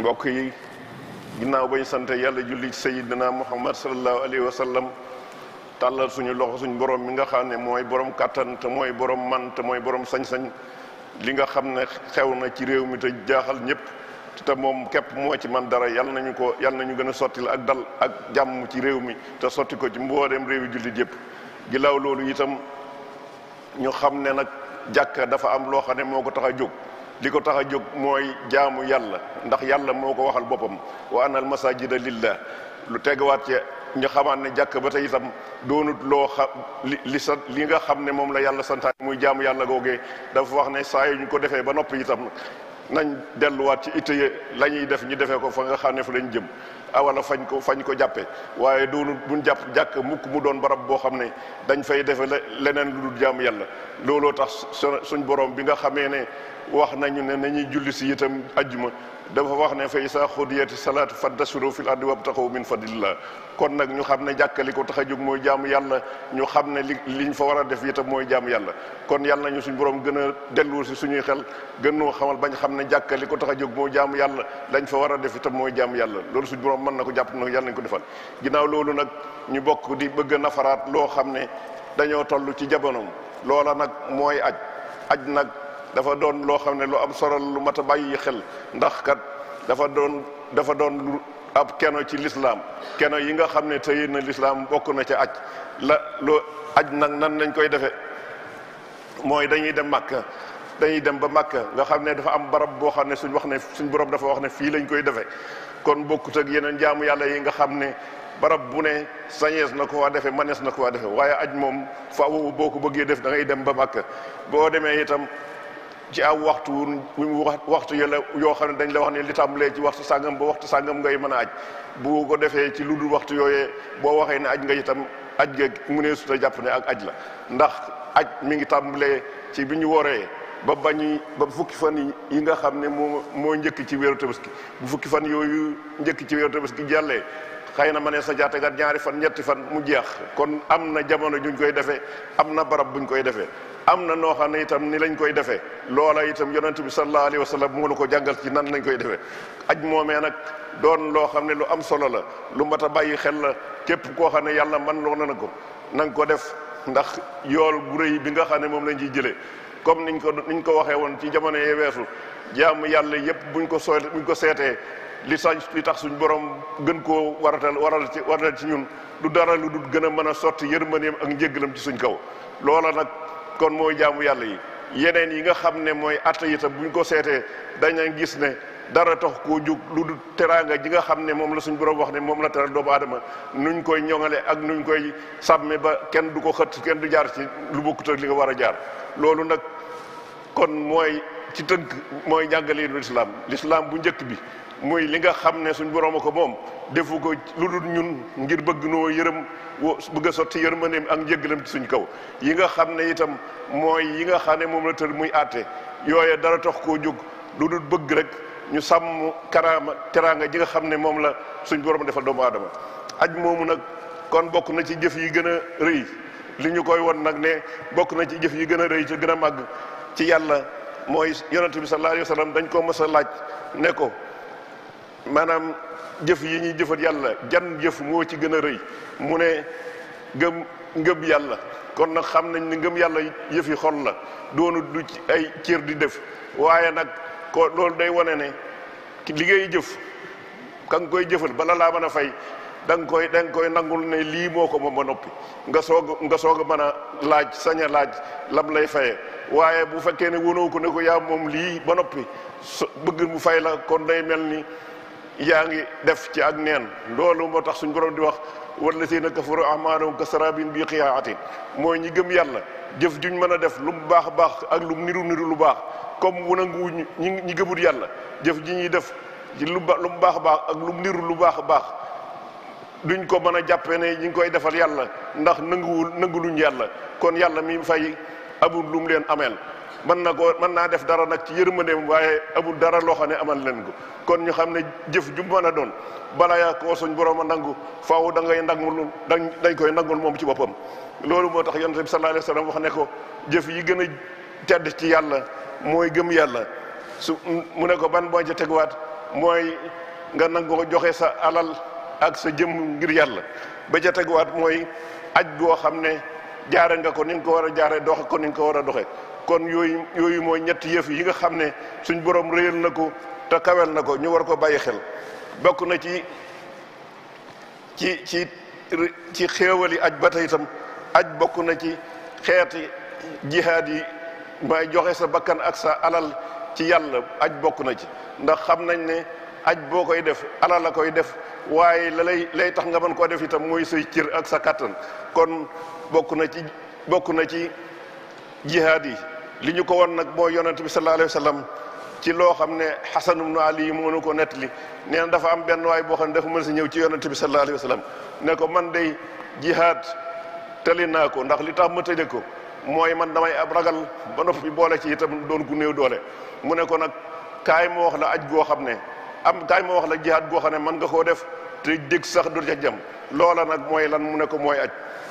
mbokk yi ginnaaw bañ sante yàlla julli ci sayidina muhammad salallahu alayhi wa sallam tàllal suñu loxo suñu borom mi nga xam ne mooy borom kàttan te mooy borom man te mooy borom sañ-sañ li nga xam ne xew na ci réew mi te jaaxal ñëpp te moom képp moo ci man dara yal nañu ko yal ñu gën a sottil ak dal ak jàmm ci réew mi te sotti ko ci mbooleem réew yi jullit yëpp ginnaaw loolu itam ñu xam ne nag jàkka dafa am loo xam ne moo ko tax a jóg. li ko tax a jóg mooy jaamu yàlla ndax yàlla moo ko waxal boppam wa anal masajida lillah lu tegawaat ca ñu xamaat ne jàkk ba tey itam doonut loo xam li sa li nga xam ne moom la yàlla santaane muy jaamu yàlla googee dafa wax ne saa ñu ko defee ba noppi itam nañ delluwaat ci it la ñuy def ñu defee ko fa nga xam ne fu lañ jëm wala fañ ko fañ ko jàppee waaye doonu duñ jàpp jàkk mukk mu doon barab boo xam ne dañ fay defe leneen lu dul jaamu yàlla looloo tax suñ borom bi nga xamee ne wax nañu ne nañuy julli si itam ajjuma dafa wax ne fa isa xudiyati salaatu fantasiru fil ardi wabtaxu min fadlillah kon nag ñu xam ne jàkkali ko tax a jóg mooy jaamu yàlla ñu xam ne li liñ fa war a def itam mooy jaamu yàlla kon yàlla nañu suñ borom gën a dellu si suñuy xel gën noo xamal bañ xam ne jàkkali ko tax a jóg mooy jaamu yàlla lañ war a def itam mooy jaamu yàlla loolu suñ borom xam mën na ko jàpp na yàlla nañ ko defal ginnaaw loolu nag ñu bokk di bëgg a nafaraat loo xam ne dañoo toll ci jamono loola nag mooy aj aj nag dafa doon loo xam ne lu am solo lu mat a bàyyi xel ndax kat dafa doon dafa doon lu ab keno ci lislaam keno yi nga xam ne tëye na lislaam bokk na ci aj la loo aj nag nan lañ koy defee mooy dañuy dem Màkka dañuy dem ba Màkka nga xam ne dafa am barab boo xam ne suñ wax ne suñ borom dafa wax ne fii lañ koy defee kon bokkut ak yeneen jaamu yàlla yi nga xam ne barab bu ne sañees na ko waa defee manees na ko waa defee waaye aj moom faaw boo ko bëggee def da ngay dem ba Makka boo demee itam ci aw waxtu wu mu waxtu yoo xam ne dañ la wax ne li tàmbalee ci waxtu sàngam boo waxtu sàngam ngay mën a aj bu ko defee ci lu dul waxtu yooye boo waxee ne aj nga itam aj nga mu nee suta jàpp ne ak aj la ndax aj mu ngi tàmbalee ci bi ñu woree ba bañ ba fukki fan yi nga xam ne moo moo njëkk ci wéeru tabaski bu fukki fan yooyu njëkk ci wéeru tabaski jàllee xëy na ma ne sa jaatagat ñaari fan ñetti fan mu jeex kon am na jamono juñ koy defee am na barab buñ koy defee am na noo xam ne itam ni lañ koy defee loola itam yonent bi sallallahu alayhi wa ko jàngal ci nan lañ koy defee aj moomee nag doon loo xam ne lu am solo la lu mat a bàyyi xel la képp koo xam ne yàlla man loo na ko na nga ko def ndax yool bu rëy bi nga xam ne moom lañ ciy jëlee comme niñ ko niñ ko waxee woon ci jamono yee weesu jaamu yàlla yépp buñ ko soo ñu ko seetee li sañ li tax suñ borom gën koo waratal waral ci waral ci ñun du dara lu du gën a mën a sotti yërmandeem ak njéggalam ci suñ kaw loola nag kon mooy jaamu yàlla yi yeneen yi nga xam ne mooy atta bu tam ko seetee dañ dañu gis ne dara tax koo jóg lu du teraanga ji nga xam ne moom la suñ borom wax ne moom la teral doomu adama nuñ koy ñoŋale ak nuñ koy sàmme ba kenn du ko xët kenn du jaar ci lu bokkut li nga war jaar loolu nag kon mooy ci tënk mooy njàngale nu lislaam lislaam bu njëkk bi muy li nga xam ne suñ borom a ko moom defu ko lu dul ñun ngir bëgg noo yërëm bëgg a sotti yërmandeem ak njëggalam ci suñ kaw yi nga xam ne itam mooy yi nga xam ne moom la tër muy àtte yooya dara tax koo jóg lu dul bëgg rek ñu sàmm karaama teraanga ji nga xam ne moom la suñ borom defal doomu aadama aj moomu nag kon bokk na ci jëf yi gën a rëy li ñu koy won nag ne bokk na ci jëf yi gën a rëy ci gën a màgg ci yàlla mooy yonent bi sallallahu dañ ko mës a laaj ne ko maanaam jëf yi ñuy jëfat yàlla jan jëf moo ci gën a rëy mu ne gëm ngëm yàlla kon nag xam nañ ni ngëm yàlla yëfi xol la doonu du ay cër di def waaye nag ko loolu day wane ne li ngay jëf ka nga koy jëfal bala laa mën a fay dang koy dang koy nangul ne lii moo ko moom ba noppi nga soog nga soog a mën a laaj sañ laaj lam lay fayee waaye bu fekkee ne wonoo ko ne ko yaa moom lii ba noppi bëgg mu fay la kon day mel ni yaa ngi def ci ak neen loolu moo tax suñ borom di wax wallazina kafaru amaalahum ka sarabin bi qiyaatin mooy ñi gëm yàlla jëf ju ñu mën a def lu mu baax baax ak lu mu niru lu baax comme wu nangu ñi ñi gëmut yàlla jëf ji ñuy def lu ba lu mu baax baax ak lu mu lu baax baax duñ ko mën a jàppee ne ñi ngi koy defal yàlla ndax nanguwul nangu luñ yàlla kon yàlla mi fay abul lu mu leen ameel mën na koo mën naa def dara nag ci yërmandeem waaye amul dara loo xam ne aman leen ko kon ñu xam ne jëf ju mën doon bala yaa koo suñ borom a nangu faaw da ngay lu dañ koy nangul moom ci boppam loolu moo tax yonent bi sallallahu alayhi wa sallam wax ne ko jëf yi gën a tedd ci yàlla mooy gëm yàlla su ne ko ban boo ca mooy nga nangoo joxe sa alal ak sa jëm ngir yàlla ba ca teguwaat mooy aj goo xam ne jaare nga ko ni nga ko war a jaare doxe ko ni nga ko war a doxe kon yooyu yooyu mooy ñetti yëf yi nga xam ne suñ borom réyal na ko te kawel na ko ñu war ko bàyyi xel bokk na ci ci ci ci xéewali aj ba tey aj bokk na ci xeeti jihaad yi may joxe sa bakkan ak sa alal ci yàlla aj bokk na ci ndax xam nañ ne aj boo koy def alala koy def waaye la lay tax nga mën koo def yitam mooy sa cër ak sa kàttan kon bokk na ci bokk na ci jihaad yi li ñu ko won nag mooy yonent bi sallallahu alayhi wa sallam ci loo xam ne Xasan ibnu Ali yi mënu ko nettali nee na dafa am benn waay boo xam ne dafa mën si ñëw ci yonent bi sallallahu alayhi wa sallam ne ko man day jihaad tëli naa ko ndax li tax ma tëje ko mooy man damay ab ragal ba noppi boole ci itam doon gu néew doole mu ne ko nag kaay ma wax la aj goo xam ne am kaay ma wax la jihaad goo xam ne mën nga koo def te dégg sax du ca jëm loola nag mooy lan mu ne ko mooy aj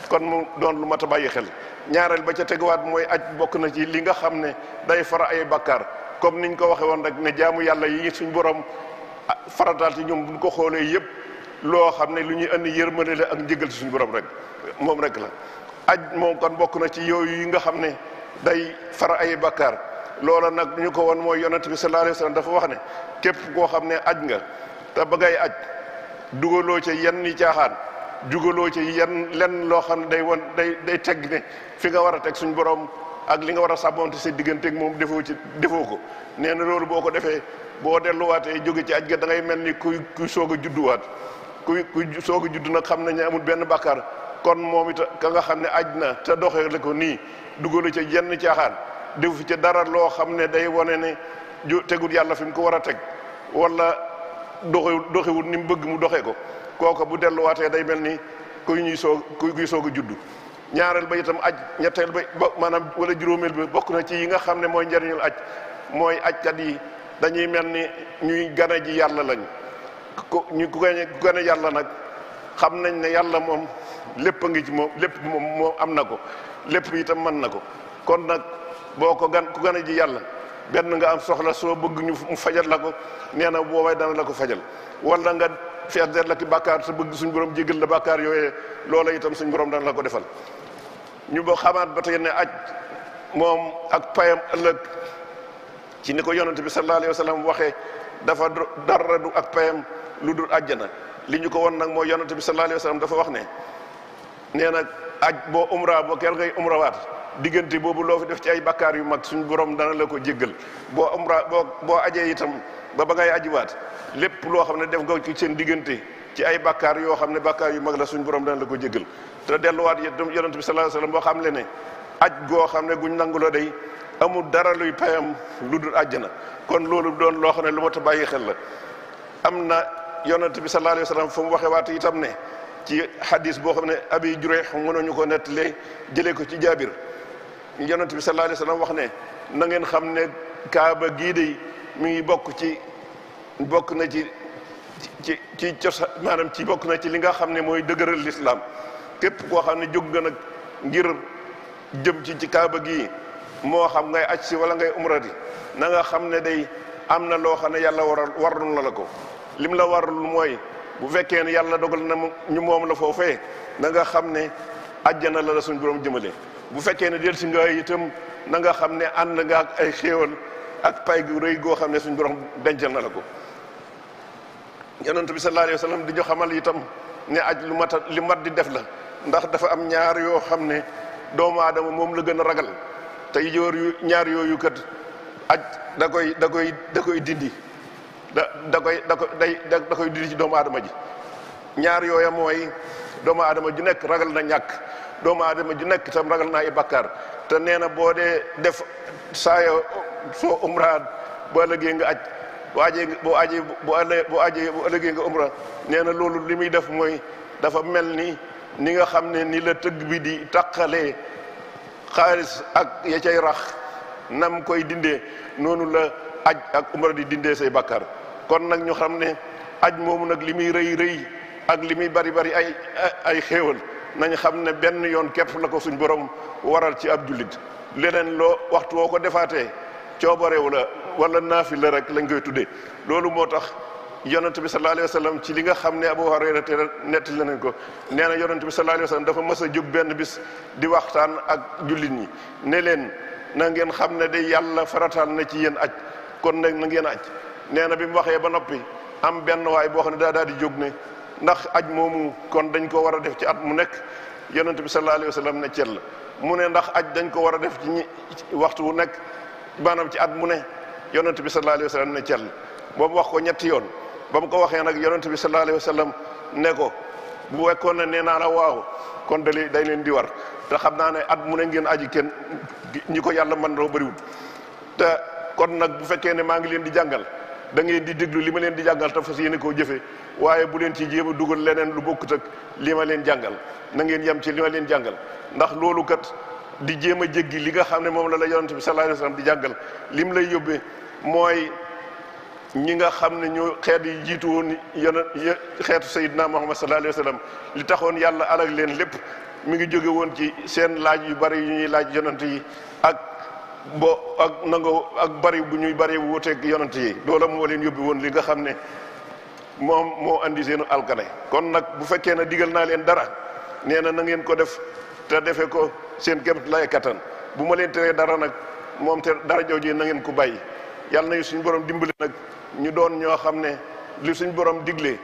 kon mu doon lu mat a bàyyi xel ñaareel ba ca teguwaat mooy aj bokk na ci li nga xam ne day far ay bakkaar comme niñ ko waxe woon rek ne jaamu yàlla yi suñ borom ah, farataal ci ñoom buñ ko xoolee yëpp loo xam ne lu ñuy indi yërmande la ak njëgal suñu borom rek moom rek la aj moom kon bokk na ci yooyu nga xam ne day fara ay bakkaar loola nag ñu ko woon mooy yonent bi sallallahu alayhi wasallam dafa wax ne képp koo xam ne aj nga te bëggay aj dugaloo ca yenn yi caaxaan jugaloo ca yenn lenn loo xam ne day won day day teg ne fi nga war a teg suñ borom ak li nga war a sàbboonte sa digganteeg moom defoo ci defoo ko nee na loolu boo ko defee boo delluwaatee jóge ci aj ga da ngay mel ni kuy kuy soog a judduwaat kuy kuy soog a judd nag xam nañ ne amul benn bakkar kon moom it ka nga xam ne aj na te doxee la ko nii dugalu ci yenn caaxaan defu fi ca dara loo xam ne day wane ne ju yàlla fi mu ko war a teg wala doxewul doxewul ni mu bëgg mu doxee ko kooka bu delluwaatee day mel ni kuy ñuy soog kuy juddu ñaareel ba itam aj ñetteel ba maanaam wala juróomeel ba bokk na ci yi nga xam ne mooy njariñul aj mooy ajkat yi dañuy mel ni ñuy gane ji yàlla lañ ku ñu ku gane yàlla nag xam nañ ne yàlla moom lépp a ngi ci moom lépp moom moo am na ko lépp itam mën na ko kon nag boo ko gan ku gane ji yàlla benn nga am soxla soo bëgg ñu mu fajal la ko nee na boobaay dana la ko fajal wala nga fees der la ki bàkkaar sa bëgg suñ borom jégal la bàkkaar yooye loola itam suñ borom dana la ko defal ñu ba xamaat ba tey ne aj moom ak payam ëllëg ci ni ko yonent bi sallallahu alayhi wa sallam waxee dafa dara du ak payam lu dul àjjana li ñu ko won nag moo yonent bi sallallahu alayhi wa dafa wax ne nee na aj boo umra boo ker ngay umrawaat diggante boobu loo fi def ci ay bakkaar yu mag suñu borom dana la ko jéggal boo umra boo boo ajee itam ba ba ngay ajiwaat lépp loo xam ne def nga ci seen diggante ci ay bakkaar yoo xam ne bakkaar yu mag la suñu borom dana la ko jéggal te delluwaat yonent bi sallallahu alayhi wasallam boo xam le ne aj goo xam ne guñ nangu la day amul dara luy payam lu dul na kon loolu doon loo xam ne lu mat a bàyyi xel la am na yonent bi sallallahu alayhi wasallam fu mu waxee waat itam ne ci hadis boo xam ne abi Jurayh mënuñu ko nettalee jëlee ko ci jaabir yonent bi sallallahu alayhi wasallam wax ne na ngeen xam ne kaaba gii de mi ngi bokk ci bokk na ci ci ci cosa maanaam ci bokk na ci li nga xam ne mooy dëgëral lislaam képp koo xam ne jóg nga nag ngir jëm ci ci kaaba gii moo xam ngay aj si wala ngay umrati na nga xam ne day am na loo xam ne yàlla waral warul na la ko lim la warul mooy bu fekkee ne yàlla dogal na ñu moom la foofee na nga xam ne àjjana la la suñ borom jëmale bu fekkee ne dellusi nga itam na nga xam ne ànd nga ay xéewal ak pay gu rëy goo xam ne suñu borom dencal na la ko yonent bi sallallahu alayhi di ñu xamal itam ne lu mat li mat di def la ndax dafa am ñaar yoo xam ne doomu aadama moom la gën a ragal te yoor yu ñaar yooyu kat aj da koy da koy da koy dindi da koy da da koy dindi ci doomu adama ji ñaar yooya mooy doomu aadama ju nekk ragal na ñàkk doomu aadama ju nekk itam ragal naa i bakkaar te nee na boo dee def saaya soo umra boo ëllëgee nga aj boo ajee boo ajee boo ëllë boo ajee boo ëllëgee nga umra nee na loolu li muy def mooy dafa mel ni ni nga xam ne ni la tëgg bi di taqalee xaalis ak ya cay rax nam koy dindee noonu la aj ak umra di dindee say bakkaar kon nag ñu xam ne aj moomu nag li muy rëy rëy ak li muy bari bari ay ay xéewal nañ xam ne benn yoon képp la ko suñ borom waral ci ab jullit leneen loo waxtu woo ko defaatee coobarewu la wala naafi la rek lañ koy tuddee loolu moo tax yonent bi sallallahu alayhi wa sallam ci li nga xam ne Abu Hurayra te nettali nañ ko nee na yonent bi sallallahu alayhi dafa mës a benn bis di waxtaan ak jullit ñi ne leen na ngeen xam ne de yàlla farataal na ci yéen aj kon nag na ngeen aj nee na bi mu waxee ba noppi am benn waay boo xam ne daa daal di jóg ne ndax aj moomu kon dañ ko war a def ci at mu nekk yonent bi sallallahu alayhi wa sallam ne cell mu ne ndax aj dañ ko war a def ci ñi waxtu wu nekk maanaam ci at mu ne yonent bi sallallahu alayhi wa sallam ne cell wax ko ñetti yoon ba mu ko waxee nag yonent bi sallallahu alayhi sallam ne ko bu wekkoon ne nee naa la waaw kon day leen di war te xam naa ne at mu ne ngeen aji kenn ñi ko yàlla mën loo bëriwul te kon nag bu fekkee ne maa ngi leen di jàngal da ngeen di déglu li ma leen di jàngal te fas yéene koo jëfee waaye bu leen ci jéem a dugal leneen lu bokkut ak li ma leen jàngal na ngeen yem ci li ma leen jàngal ndax loolu kat di jéem a jéggi li nga xam ne moom la la yonent bi sallallahu alayhi wasallam di jàngal lim lay yóbbee mooy ñi nga xam ne ñu xeet yi jiitu woon yonent xeetu sayidna muhammad sallallahu alayhi wasallam li taxoon yàlla alag leen lépp mu ngi jóge woon ci seen laaj yu bari yu ñuy laaj yonent yi ak bo ak nangoo ak bari bu ñuy bari wuuteeg yonent yi loola moo leen yóbbi woon li nga xam ne moom moo andi seenu alkane kon nag bu fekkee ne digal naa leen dara nee na na ngeen ko def te defe ko seen kémt lay kattan bu ma leen teree dara nag moom te dara jooju na ngeen ko bàyyi yàlla nañu suñu borom dimbali nag ñu doon ñoo xam ne li suñ borom digle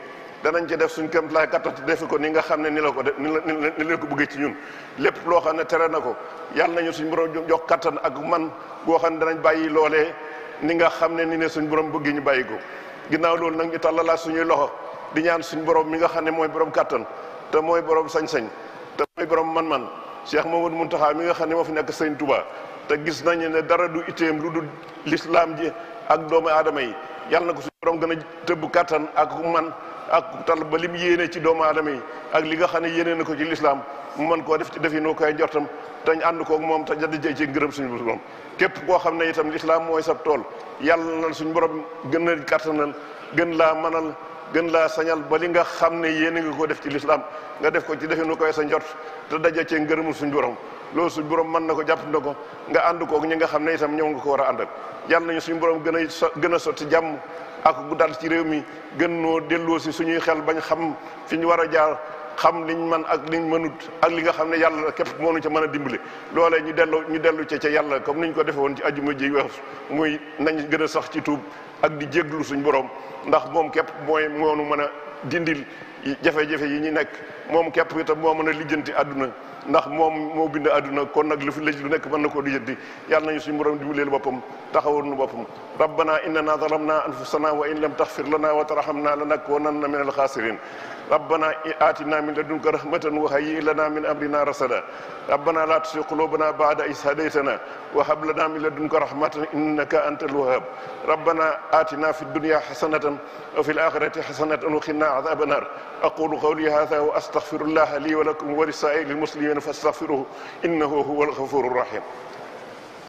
danañ ci def suñ kéem laay kattan defi ko ni nga xam ne ni la ko def ni la ni la ko bëggee ci ñun lépp loo xam ne tere na ko yàlla nañu suñ borom jox kattan ak man goo xam ne danañ bàyyi loolee ni nga xam ne ni ne suñu borom bëggee ñu bàyyi ko. ginnaaw loolu nag ñu tàllalaat suñuy loxo di ñaan suñu borom mi nga xam ne mooy borom kattan te mooy borom sañ-sañ te mooy borom man-man Cheikh Mamadou Mountakha mi nga xam ne moo fi nekk Sëñ Touba te gis nañu ne dara du itteem lu dul lislaam ji ak doomu aadama yi yàlla na ko suñu borom gën a tëbb kattan ak man ak tal ba lim yéene ci doomu aadama yi ak li nga xam ne yéene na ko ci lislaam mu mën koo def ci defi noo koy njortam tañ ànd koog moom te jaddi ci ngërëm suñu moom képp koo xam ne itam lislaam mooy sab tool yàlla na suñu borom gën a kattanal gën laa manal gën laa sañal ba li nga xam ne yéen a ngi ko def ci lislaam nga def ko ci defe nu koy sa njort te daje cee ngërëmul suñ borom loolu suñ borom mën na ko jàpp na ko nga ànd kook ñi nga xam ne itam ñoom nga ko war a àndal yàlla nañu suñu borom gën a so gën a sotti jàmm ak gu dal ci réew mi gën noo delloo si suñuy xel bañ xam fi ñu war a jaar xam liñ man ak liñ mënut ak li nga xam ne yàlla képp moo nu ca mën a dimbali loole ñu dellu ñu dellu ca ca yàlla comme niñ ko defe woon ci ajuma ji weesu muy nañ gën a sax ci tuub ak di jéglu suñ borom ndax moom képp mooy nu mën a dindil jafe-jafe yi ñu nekk moom képp itam moo mën a lijjanti àdduna ndax moom moo bind àdduna kon nag lu fi lëj lu nekk mën na koo lijjanti yàlla nañu suñu borom dimbaleel boppam taxawal nu boppam rabbana innana zalamna anfusana wa in lam taxfir lana wa tarhamna lanakunanna min alxaasirin rabbana atina min ladunka rahmatan wa hayyi lana min amrina rasada rabbana la tusi qulubana ba'da is hadaytana wa hab lana min ladunka rahmatan innaka antal wahhab rabbana atina fi dunya hasanatan wa fil akhirati hasanatan wa qina adhaban nar aqulu qawli hadha wa astaghfirullaha li wa lakum wa lisa'iril muslimin fastaghfiruhu innahu huwal ghafurur rahim